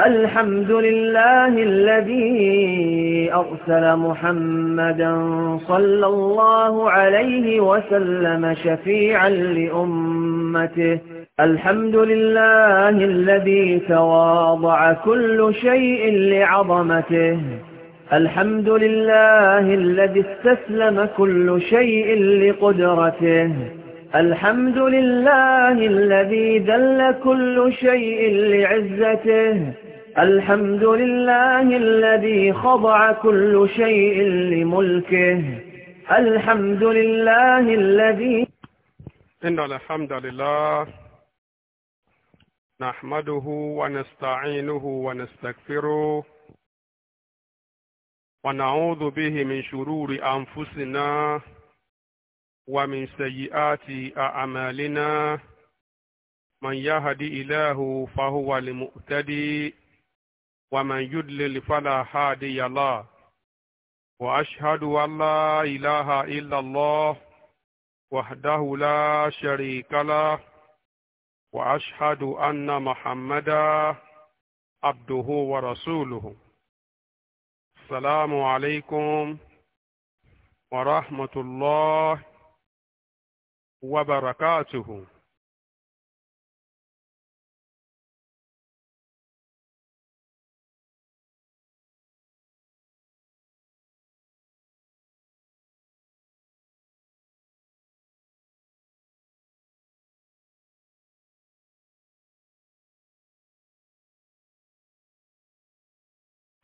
الحمد لله الذي أرسل محمدا صلى الله عليه وسلم شفيعا لأمته الحمد لله الذي تواضع كل شيء لعظمته الحمد لله الذي استسلم كل شيء لقدرته الحمد لله الذي ذل كل شيء لعزته الحمد لله الذي خضع كل شيء لملكه الحمد لله الذي إن الحمد لله نحمده ونستعينه ونستغفره ونعوذ به من شرور أنفسنا ومن سيئات أعمالنا من يهدي إله فهو المؤتدي ومن يدلل فلا هادي له وأشهد أن لا إله إلا الله وحده لا شريك له وأشهد أن محمدا عبده ورسوله السلام عليكم ورحمة الله وبركاته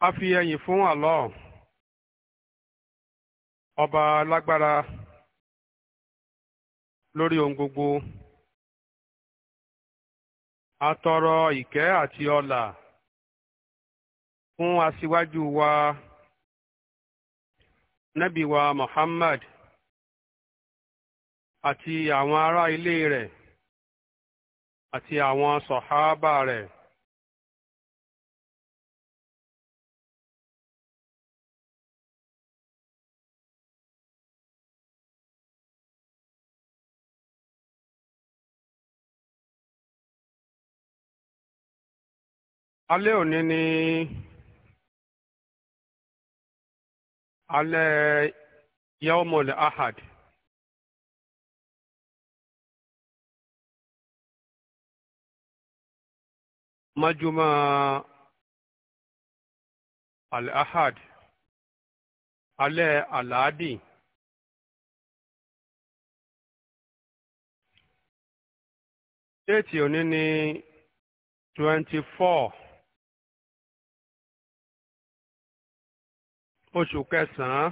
a fi ẹyìn fún àlọ́ ọba lágbára lórí ohun gbogbo a tọrọ ìkẹ́ àti ọlà fún aṣíwájú wa nábì wa Muhammad àti àwọn ará ilé rẹ̀ àti àwọn sọ̀háábà rẹ̀. alẹ́ òní ni alẹ́ yaumul ahad mọ́júmọ́ al-ahad alẹ́ aláàdì. Al déètì òní ni twenty four oṣù kẹsàn-án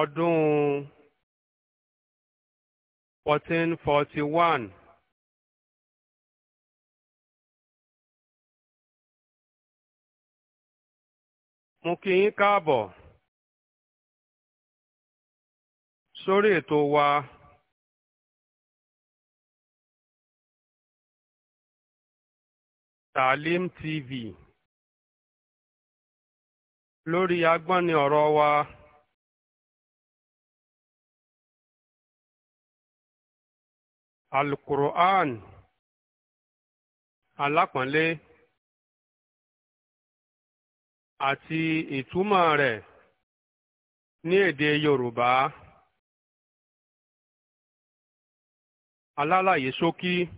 ọdún fourteen forty one mo kí yín káàbọ̀ sórí ètò wa Taalim TV. lórí agbọ́nni ọ̀rọ̀ wa alukur'an alápọ̀nlé àti ìtumọ̀ rẹ̀ ní èdè Yorùbá alálàyé ṣókí. So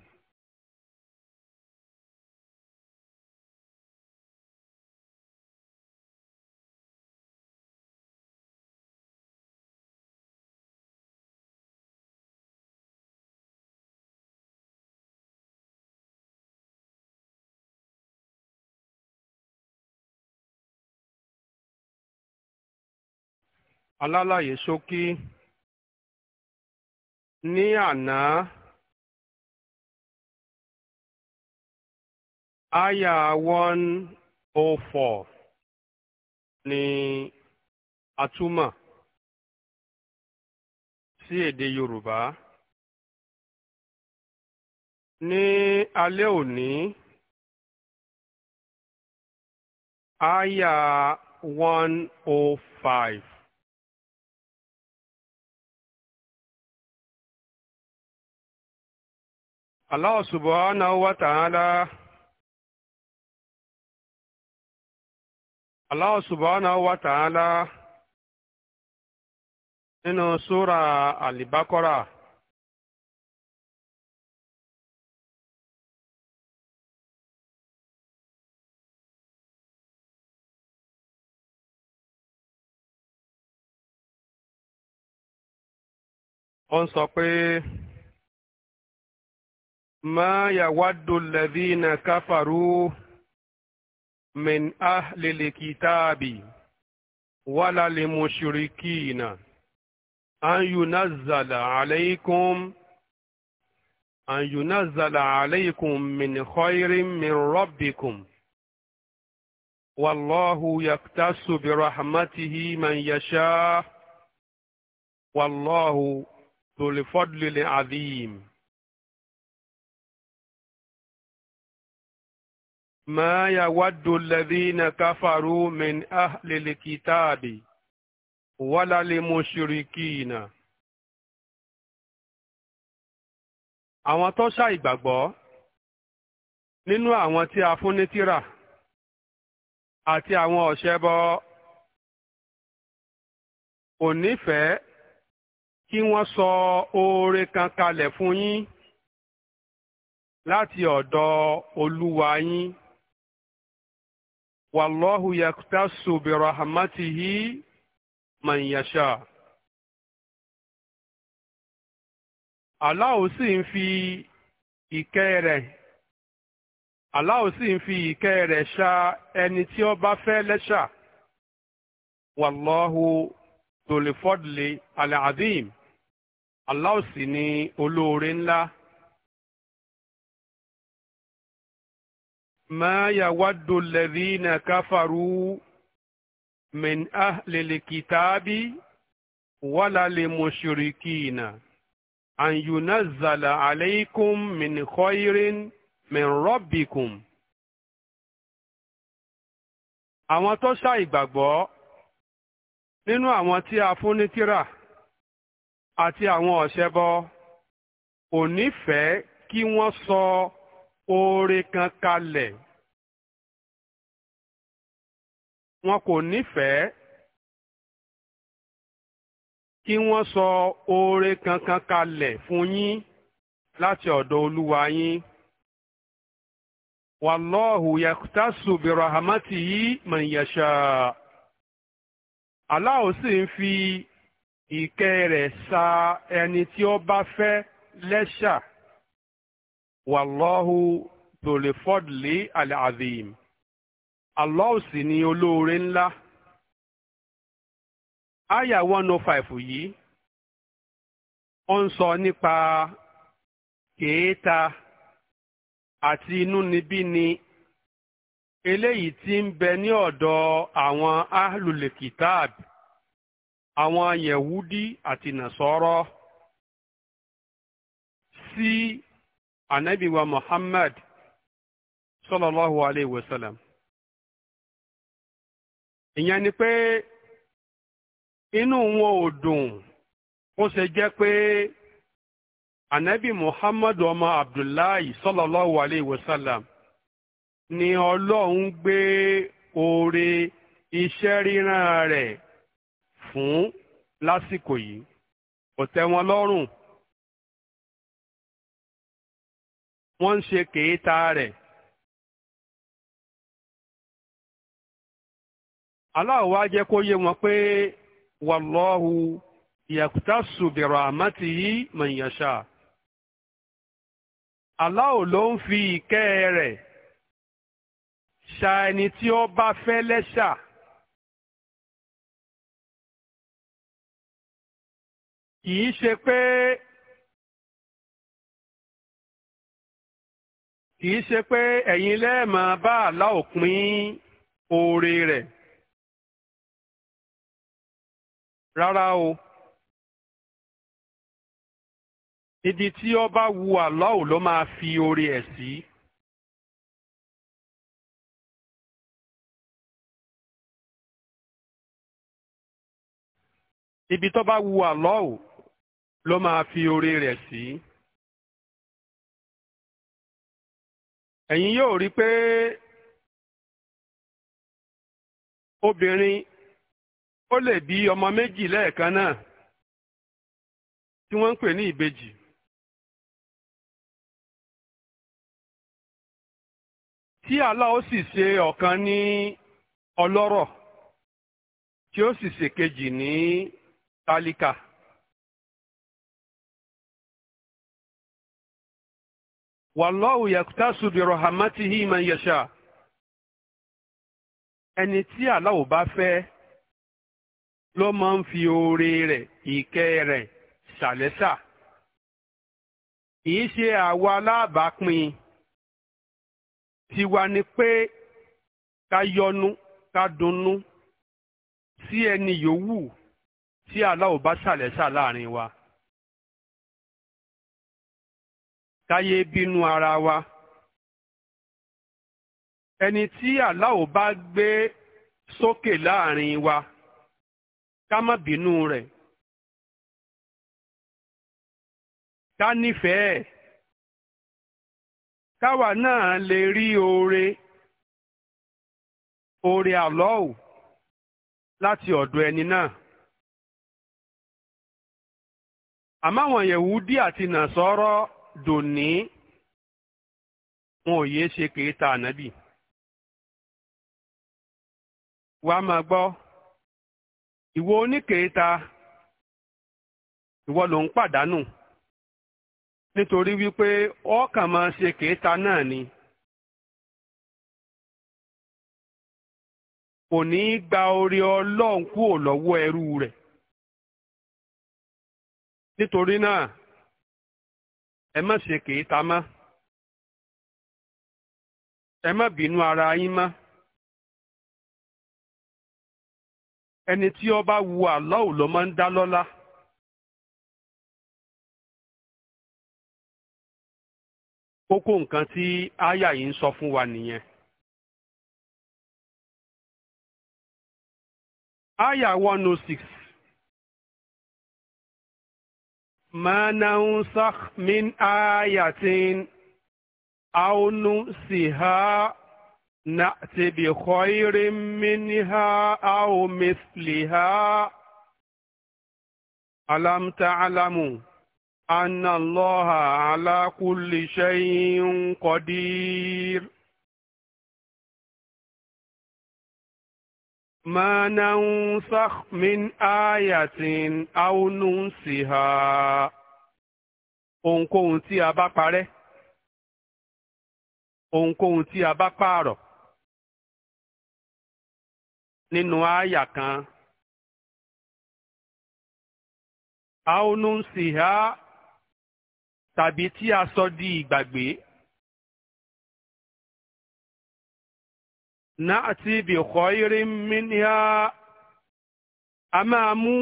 alálàyé ṣókí ní àná àyà one oh four ni atúmọ̀ sí èdè Yorùbá ní alẹ́ òní àyà one oh five. Allah subhanahu wa ta'ala Allah subhanahu wa ta'ala nínú súra ما يود الذين كفروا من أهل الكتاب ولا لمشركين أن ينزل عليكم أن ينزل عليكم من خير من ربكم والله يقتص برحمته من يشاء والله ذو الفضل العظيم ما يود الذين كفروا من أهل الكتاب ولا المشركين àwọn tó ṣàìgbàgbọ́ nínú àwọn tí a fún ní tírà àti àwọn ọ̀ṣẹ́bọ kò nífẹ̀ẹ́ kí wọ́n sọ oore kan kalẹ̀ fún yín láti ọ̀dọ̀ olúwa yín wàlọ́hù yàtàṣù bìrọ̀hàmátìhì mànyàṣà. aláwo sì ń fi ìkẹ́ rẹ̀ aláwo sì ń fi ìkẹ́ rẹ̀ ṣa ẹni tí ó bá fẹ́ lẹ́ṣà wàlọ́hù tòlẹ́fọ́dìlẹ̀ alẹ́ àdìm aláwo sì ni olóore ńlá. ما يود الذين كفروا من أهل الكتاب ولا للمشركين أن ينزل عليكم من خير من ربكم àwọn tó ṣàìgbàgbọ́ nínú àwọn tí a fún ní tírà àti àwọn ọ̀ṣẹbọ kò nífẹ̀ẹ́ kí wọ́n sọ oore kan kalẹ̀ wọn kò nífẹ̀ẹ́ kí wọ́n sọ oore kankan kalẹ̀ fún yín láti ọ̀dọ̀ olúwa yín. wàlọ́ọ̀hù yàtàṣù bìrọ̀hàmátì yìí mọ̀nyẹ̀ṣà. Allah sì ń fi ìkẹ́ rẹ̀ sa ẹni tí ó bá fẹ́ lẹ́ṣà. wa tòlẹ́fọ́dìlì àlẹ́ àdìm Allah sì ni olóore ńlá. Aya 105 yi five yìí, ó ń sọ nípa kèéta àti inúnibíni eléyìí ti ń bẹ ní ọ̀dọ̀ àwọn ahlulè kitab, àwọn yẹ̀wúdí àti nàṣọ́rọ́ sí ànábì Muhammad sallallahu Alaihi Wasallam. ìyẹn ni pé inú wọn ò dùn ó ṣe jẹ́ pé ànábì Muhammad ọmọ Abdullahi sallallahu Alaihi Wasallam ni Ọlọ́run gbé oore iṣẹ́ ríran rẹ̀ fún lásìkò yìí kò wọn lọ́rùn wọ́n ń ṣe kèéta rẹ̀. Allah wá jẹ́ kó yé wọn pé wallahu yaktasu bi rahmatihi man yasha. Allah ló ń fi ìkẹ́ rẹ̀ ṣà ẹni tí ó bá fẹ́ lẹ́ṣà. kì í ṣe pé kì í ṣe pé ẹ̀yin lẹ́ẹ̀mọ bá aláwọ̀ pín oore rẹ̀ rárá o ibi tí ó wu aláwọ̀ ló máa fi oore ẹ̀ sí. ibi tó bá wu aláwọ̀ ló máa fi oore rẹ̀ sí. Si. ẹ̀yin yóò rí i pé obìnrin ó lè bí ọmọ méjì lẹ́ẹ̀kan náà tí wọ́n ń pè ní ìbejì. tí Allah ó sì ṣe ọ̀kan ní ọlọ́rọ̀ tí ó sì ṣèkejì ní tálíkà. wallahu yaktasu bi rahmatihi man yasha ẹni tí Allah bá fẹ́ ló máa ń fi oore rẹ̀ ìkẹ́ rẹ̀ ṣàlẹ́sà kìí ṣe àwa aláàbápín tiwa ni pé ká yọnu ká dunnú sí ẹni yòówù tí Allah bá ṣàlẹ́sà láàrin wa. káyé bínú ara wa ẹni tí aláwo bá gbé sókè láàrin wa ká má bínú rẹ̀ ká nífẹ̀ẹ́ káwa náà lè rí oore oore àlọ́ọ̀ láti ọ̀dọ̀ ẹni náà. àmọ́ àwọn Yẹ̀wúdí àti Nàsárà dòní wọn ò yéé ṣe kèéta ànábì wà á máa gbọ́ ìwọ oníkèéta ìwọ ló ń pàdánù nítorí wípé ọkàn máa ṣe kèéta náà ni kò ní í gba orí ọlọ́run kúrò lọ́wọ́ ẹrú rẹ̀ nítorí náà Emma má ṣe kèé ta mọ́ ẹ bínú ara anyị ma. ẹni tí ó bá wu àlọ́ ò ló máa ń dá lọ́lá. kókó nǹkan tí áyà yìí ń sọ fún wa nìyẹn. áyà one oh six ما ننسخ من آية أو ننسها نأت بخير منها أو مثلها ألم تعلموا أن الله على كل شيء قدير ما ننسخ min ayatin أو ننسها ohunkóhun tí a bá parẹ́ ohunkóhun tí a bá pààrọ̀ nínú àyà kan aonunsiha tàbí tí a sọ di ìgbàgbé. na'ati bi khairin minha a máa mú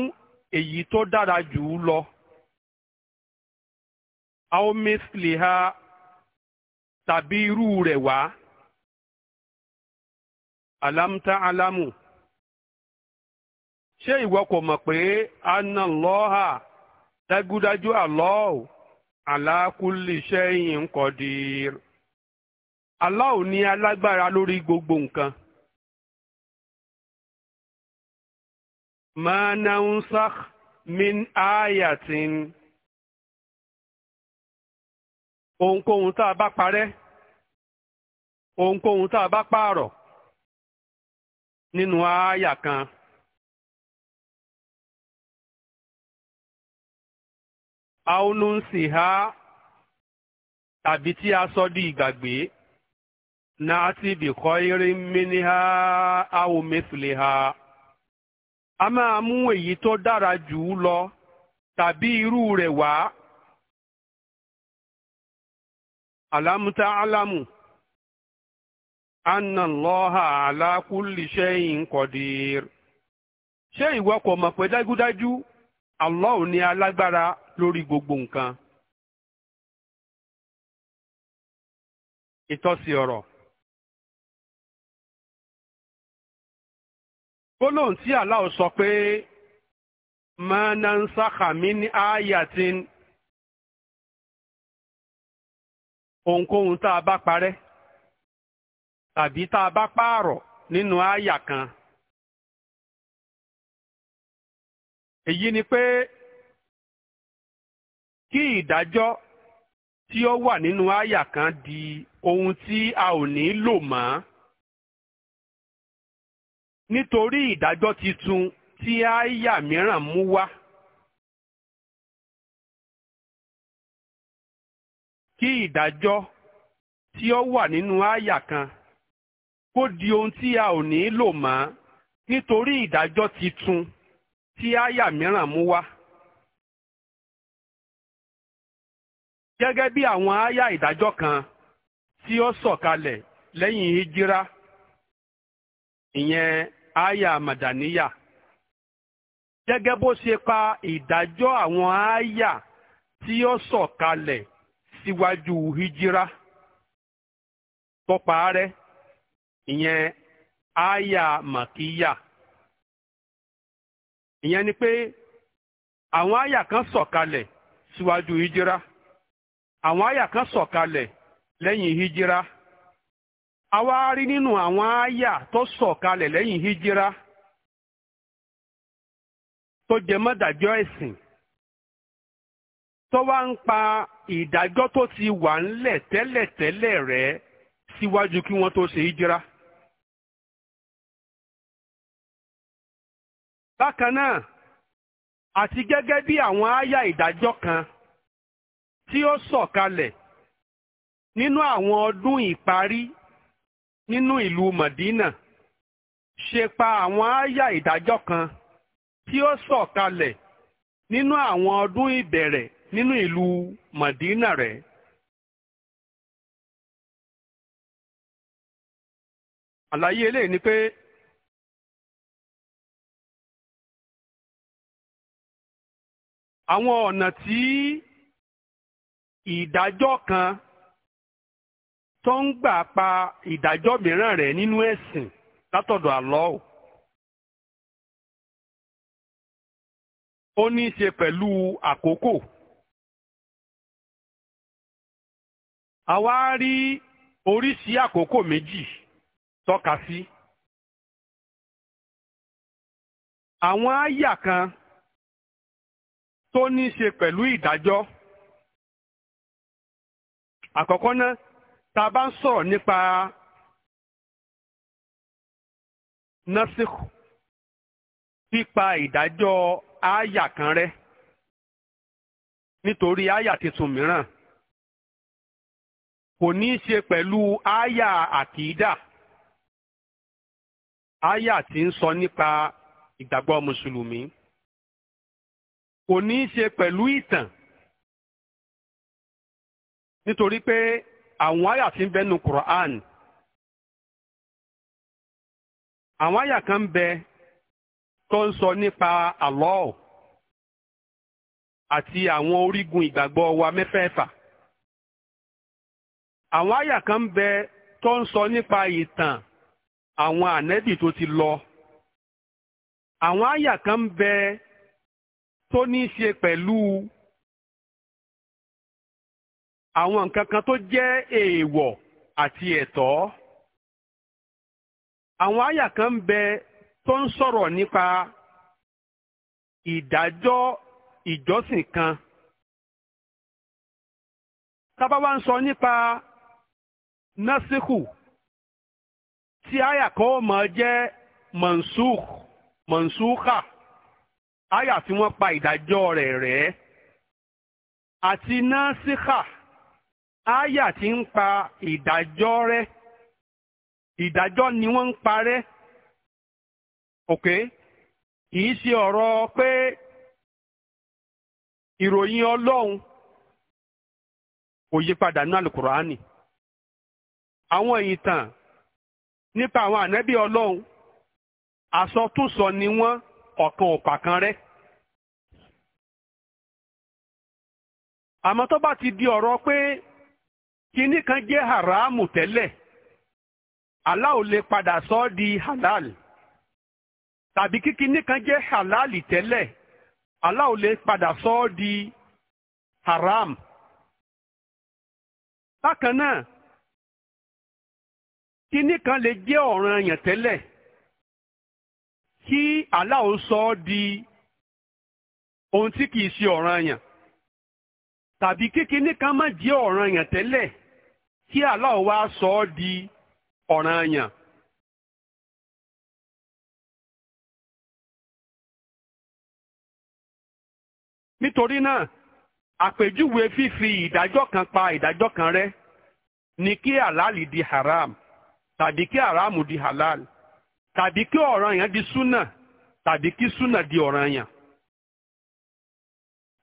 èyí tó dára jù ú lọ aw misliha tàbí irú rẹ̀ wá alamta alamu ṣé ìwọ kò mọ̀ pé anna Allaha dájúdájú Allah ala kulli shay'in qadir. Allah ni alágbára lórí gbogbo nǹkan. Ma nansakh min ayatin. Ohunkóhun tá a bá parẹ́, ohunkóhun tá a bá pààrọ̀ nínú ààyà kan. Aonunsiha tàbí tí a sọ di ìgbàgbé. نأتي ha awo أو ha a máa mú èyí tó dára jù ú lọ tàbí irú rẹ̀ wá. Àlámútá álámù Anna Allaha ala lọ ha qadir. Ṣé ìwọ kò mọ̀ pé dájúdájú Allah ni alágbára lórí gbogbo nǹkan? Ìtọ́sí ọ̀rọ̀. gbólóhùn tí aláwo sọ pé mọ́nánsákàmí ní áyàtín ohunkóhun tá a bá parẹ́ tàbí tá a bá pààrọ̀ nínú áyà kan. èyí ni pé kí ìdájọ́ tí ó wà nínú áyà kan di ohun tí a ò ní lò mọ́ nítorí ìdájọ́ titun tí àyà mìíràn mú wá. kí ìdájọ́ tí ó wà nínú àyà kan kó di ohun tí a ò ní lò mọ́ nítorí ìdájọ́ titun tí àyà mìíràn mú wá. gẹ́gẹ́ bí àwọn àyà ìdájọ́ kan tí ó sọ̀kalẹ̀ lẹ́yìn hijira ìyẹn aya madaniya gẹ́gẹ́ bó ṣe pa ìdájọ́ àwọn aya tí ó sọ̀kalẹ̀ síwájú hijira tọ́pa rẹ̀ ìyẹn aya makiya ìyẹn ni pé àwọn aya kan sọ̀kalẹ̀ síwájú hijira àwọn aya kan sọ̀kalẹ̀ lẹ́yìn hijira. a wá rí nínú àwọn àyà tó sọ̀kalẹ̀ lẹ́yìn hijira tó jẹ mọ́ ẹ̀sìn tó wá ń pa ìdájọ́ tó ti wà ńlẹ̀ tẹ́lẹ̀tẹ́lẹ̀ rẹ̀ síwájú kí wọ́n tó ṣe hijira. bákan náà àti gẹ́gẹ́ bí àwọn àyà ìdájọ́ kan tí ó sọ̀kalẹ̀ nínú àwọn ọdún ìparí nínú ìlú Mọ̀dínà ṣe pa àwọn àyà ìdájọ́ kan tí ó sọ̀kalẹ̀ nínú àwọn ọdún ìbẹ̀rẹ̀ nínú ìlú Mọ̀dínà rẹ̀. àlàyé eléyìí ni pé àwọn ọ̀nà tí ìdájọ́ kan tó ń gbà pa ìdájọ́ mìíràn rẹ̀ nínú ẹ̀sìn látọ̀dọ̀ àlọ́ o. ó ní í ṣe pẹ̀lú àkókò. àwa rí oríṣi àkókò méjì tọ́ka sí. àwọn àyà kan tó ní í ṣe pẹ̀lú ìdájọ́. àkọ́kọ́ náà tá a bá ń sọ̀rọ̀ nípa násìkò pípa ìdájọ́ àyà kan rẹ́ nítorí àyà tuntun mìíràn kò ní í ṣe pẹ̀lú àyà àkìídà àyà tí ń sọ nípa ìgbàgbọ́ mùsùlùmí kò ní í ṣe pẹ̀lú ìtàn nítorí pé àwọn àyà tí ń bẹ nu Quran àwọn àyà kan bẹ tó ń sọ nípa Allah àti àwọn orígun ìgbàgbọ wa mẹ́fẹ̀ẹ̀fà àwọn àyà kan bẹ tó ń sọ nípa ìtàn àwọn ànẹ́bì tó ti lọ àwọn àyà kan bẹ tó ní í ṣe pẹ̀lú àwọn nǹkan kan tó jẹ́ èèwọ̀ àti ẹ̀tọ́ àwọn àyà kan ń bẹ tó ń sọ̀rọ̀ nípa ìdájọ́ ìjọsìn kan tábà wá ń sọ nípa násìkù tí àyà kan ó máa jẹ́ mansukh mansukha àyà tí wọ́n pa ìdájọ́ rẹ̀ rẹ́ àti násìkà. Aya tí ń pa ìdájọ́ rẹ ìdájọ́ ni wọ́n ń parẹ́ òkè í ṣe ọ̀rọ̀ pé ìròyìn ọlọ́run kò yí padà ní alukùránì àwọn ìtàn nípa àwọn ànẹ́bí ọlọ́run àsọtúnsọ ni wọ́n ọ̀kan ò kan rẹ. àmọ́ tó bá ti di ọ̀rọ̀ pé kíní kan jẹ́ haramu tẹ́lẹ̀ Allah lè padà sọ ọ́ di halal tàbí kí kíní kan jẹ́ halal tẹ́lẹ̀ Allah lè padà sọ ọ́ di haram. bákan náà kíní kan lè jẹ́ ọ̀ranyàn tẹ́lẹ̀ kí Allah sọ ọ́ di ohun tí kìí ṣe ọ̀ranyàn. tàbí kékeré kan má jẹ́ ọ̀ranyàn tẹ́lẹ̀ kí Allah wá sọ ọ́ di ọ̀ranyàn. nítorí náà àpèjúwe fífi ìdájọ́ kan pa ìdájọ́ kan rẹ́ ni kí àlàlì di haram tàbí kí haramu di halal tàbí kí ọ̀ranyàn di súnà tàbí kí súnà di ọ̀ranyàn.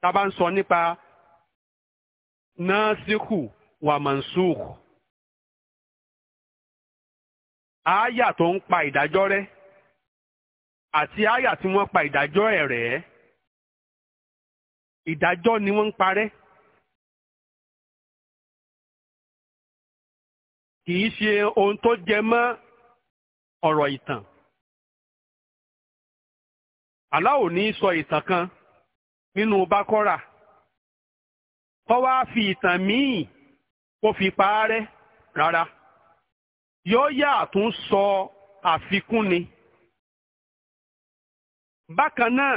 tá a bá ń sọ nípa nasikhu wa mansukhu. aya tó ń pa ìdájọ́ rẹ́ àti ááyà tí wọ́n pa ìdájọ́ ẹ̀ rẹ́. Ìdájọ́ ni wọ́n ń parẹ́. Kì í ṣe ohun tó jẹ mọ́ ọ̀rọ̀ ìtàn. Aláwo ní sọ ìtàn kan nínú Bákọ́rà kọ́ wá fi ìtàn míì kó fi parẹ́ rárá yóò yà àtún sọ àfikún ni. bákan náà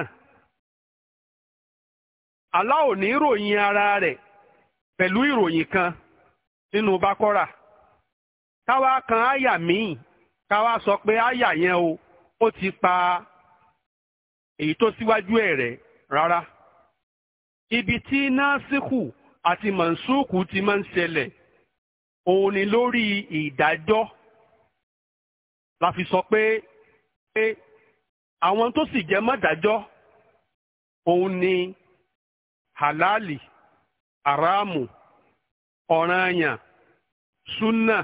Allah ò ní ròyìn ara rẹ̀ pẹ̀lú ìròyìn kan nínú bákọ́rà káwá kan àyà míì káwá sọ pé àyà yẹn o ó ti pa èyí tó síwájú ẹ̀ rárá. ibi tí násìkù àti mọ̀nsúùkù ti máa ń ṣẹlẹ̀ òun ni lórí ìdájọ́ la fi sọ pé pé àwọn tó sì jẹ́ mọ́dájọ́ òun ni halali aramu, ọ̀ranyàn sunna